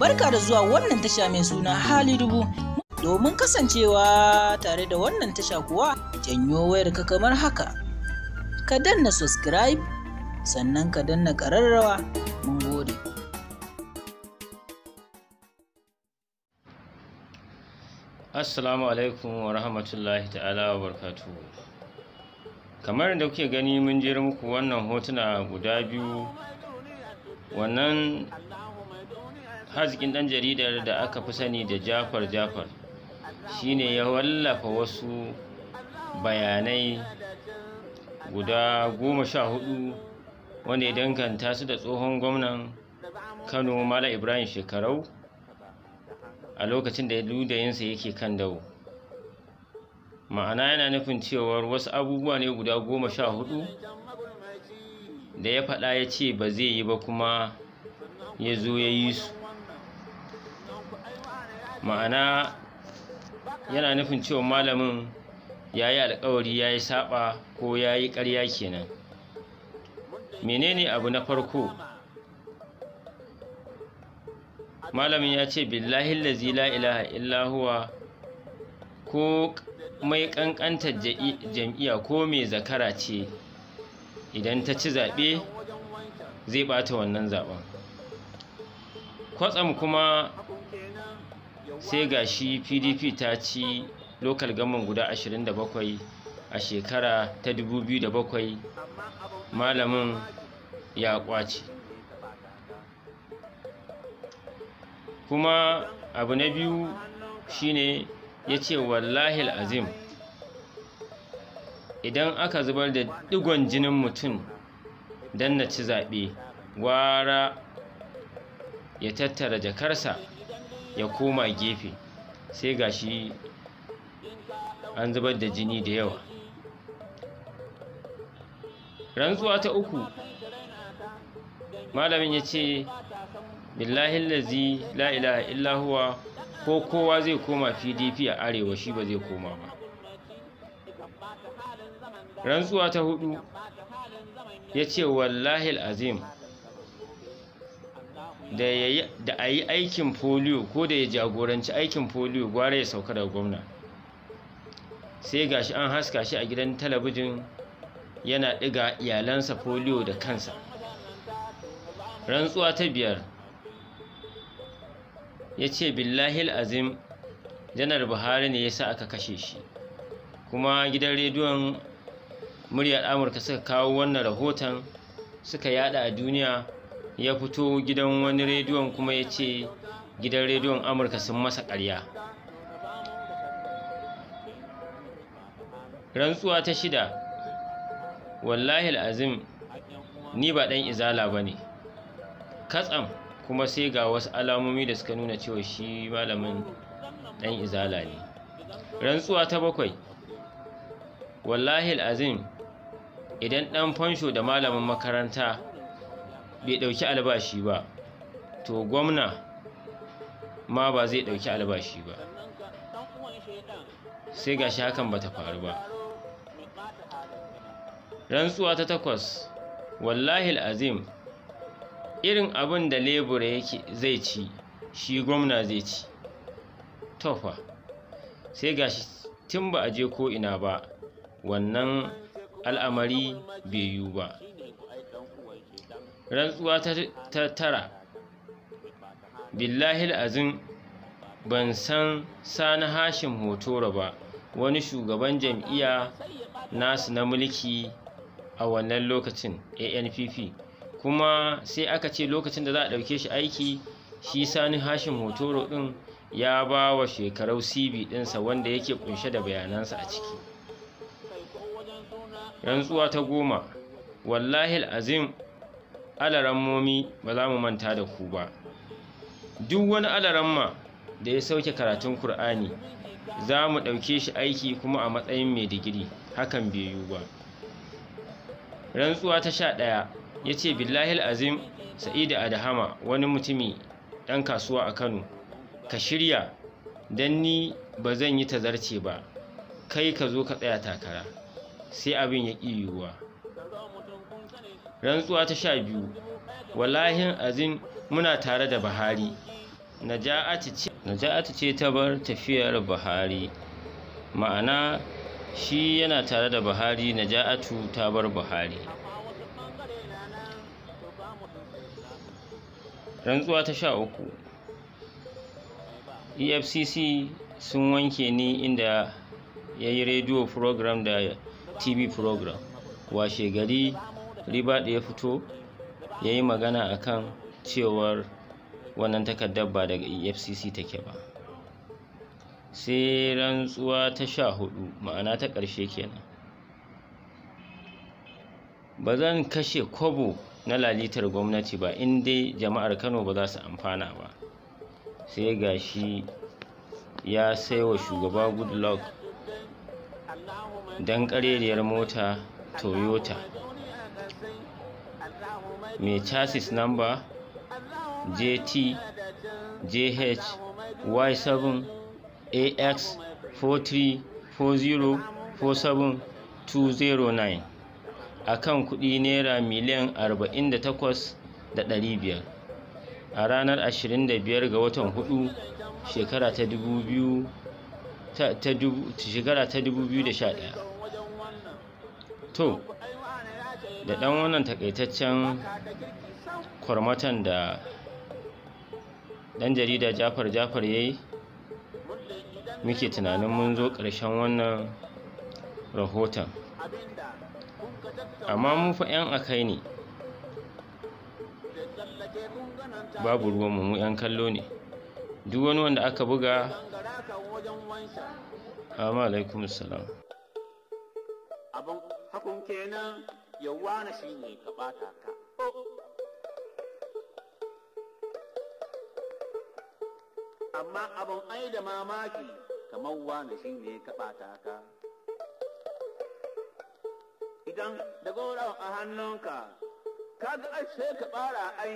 Barka da zuwa wannan tasha mai suna hali dubu. Domin kasancewa tare da wannan tasha kuwa janyo wayar ka kamar haka. Ka danna subscribe sannan ka danna ƙararrawa mun gode. Assalamu alaikum wa rahmatullahi ta'ala wa barkatu. Kamar da kuke gani mun jera muku wannan hotuna guda biyu wannan hazikin ɗan jaridar da aka fi sani da jafar jafar shi ne ya wallafa wasu bayanai guda goma sha hudu wanda ya danganta su da tsohon gwamnan kano mala ibrahim shekarau a lokacin da ludayinsa yake kan dawo ma'ana yana nufin cewar wasu abubuwa ne guda goma sha hudu da ya faɗa ya ce ba zai yi ba kuma ya zo ya yi su ma'ana yana nufin cewa malamin ya yi alkawari ya yi saba ko ya yi ƙarya kenan menene abu na farko malamin ya ce billahi lazi la illahuwa ko mai ƙanƙantar jam'iya ko mai zakara ce idan ta ci zaɓe zai ɓata wannan zaɓen kwatsam kuma sai ga shi pdp ta ci lokal gaman guda 27 a shekara ta 2007 malamin ya kwace kuma abu na biyu shine ya ce wallahi azim idan aka zubar da digon jinin mutum don na ci zaɓe gwara ya tattara jakarsa ya koma gefe sai ga shi an zubar da jini da yawa rantsuwa ta uku malamin ya ce billahi lazi la ko kowa zai koma pdp a arewa shi ba zai koma ba rantsuwa ta hudu ya ce wallahil azim da a yi aikin foliyo ko da ya jagoranci aikin foliyo gwara ya sauka daga gwamna sai gashi an haska shi a gidan talabijin yana ɗiga iyalansa foliyo da kansa rantsuwa ta biyar ya ce billahil azim janar buhari ne ya sa aka kashe shi kuma gidan rediyon muryar amurka suka kawo wannan rahoton suka yada a duniya ya fito gidan wani rediyon kuma ya ce gidan rediyon amurka sun masa ƙarya rantsuwa ta shida wallahi azim ni ba ɗan izala ba ne katsam kuma sai ga wasu alamomi da suka nuna cewa shi malamin ɗan izala ne rantsuwa ta bakwai wallahi azim idan ɗan fansho da malamin makaranta bai ɗauki albashi ba to gwamna ma ba zai ɗauki albashi ba sai gashi hakan ta faru ba rantsuwa ta takwas wallahi azim irin abin da lebura yake zai ci shi gwamna zai ci tofa sai ga shi tun ba a je ko ina ba wannan al'amari bai yiwu ba rantsuwa ta tara billahi azim ban san sani hashim hotoro ba wani shugaban jam'iyya nasu na mulki a wannan lokacin anpp kuma sai aka ce lokacin da za a ɗauke shi aiki shi sani hashim hotoro ɗin ya ba wa shekarau cv ɗinsa wanda yake kunshe da bayanansa a ciki rantsuwa ta goma wallahi azim alarammomi ba za mu manta da ku ba duk wani alaramma da ya sauke karatun Kur'ani za mu ɗauke shi aiki kuma a matsayin mai digiri hakan bai yiwu ba rantsuwa ta sha ɗaya ya ce billahil azim sa'idu adahama wani mutumi ɗan kasuwa a kano ka shirya don ni ba zan yi tazarce ba kai ka zo ka tsaya takara sai abin ya ƙi yiwuwa rantsuwa ta sha biyu wallahin azin muna tare da buhari naja'atu ce ta bar tafiyar buhari ma'ana shi yana tare da buhari naja'atu ta bar buhari rantsuwa ta sha uku efcc sun wanke ni inda ya yi rediyo program da tv program washe gari riba da ya fito ya yi magana a kan cewar wannan takardar ba daga efcc take ba sai rantsuwa ta sha hudu ma'ana ta ƙarshe kenan ba zan kashe kobo na lalitar gwamnati ba inda jama'ar kano ba za su amfana ba sai ga shi ya saiwa shugaba goodluck don ƙarerriyar mota toyota mai chassis number jt jh y7 ax 434047 a kan kuɗi naira miliyan 48,500 a ranar 25 ga watan 4 shekara ta 2011 to da ɗan wannan takaitaccen kwarmatan da ɗan jarida jafar jafar ya yi muke tunanin mun zo ƙarshen wannan rahoton amma mun fa 'yan akai ne babu ruwanmu mu 'yan kallo ne duk wani wanda aka buga amma alaikum salam kenan na shi ne ka ɓata ka amma abin ai da mamaki kamar wani shi ne ka ɓata ka idan da gora a hannunka ka ga ashe ka ɓara ai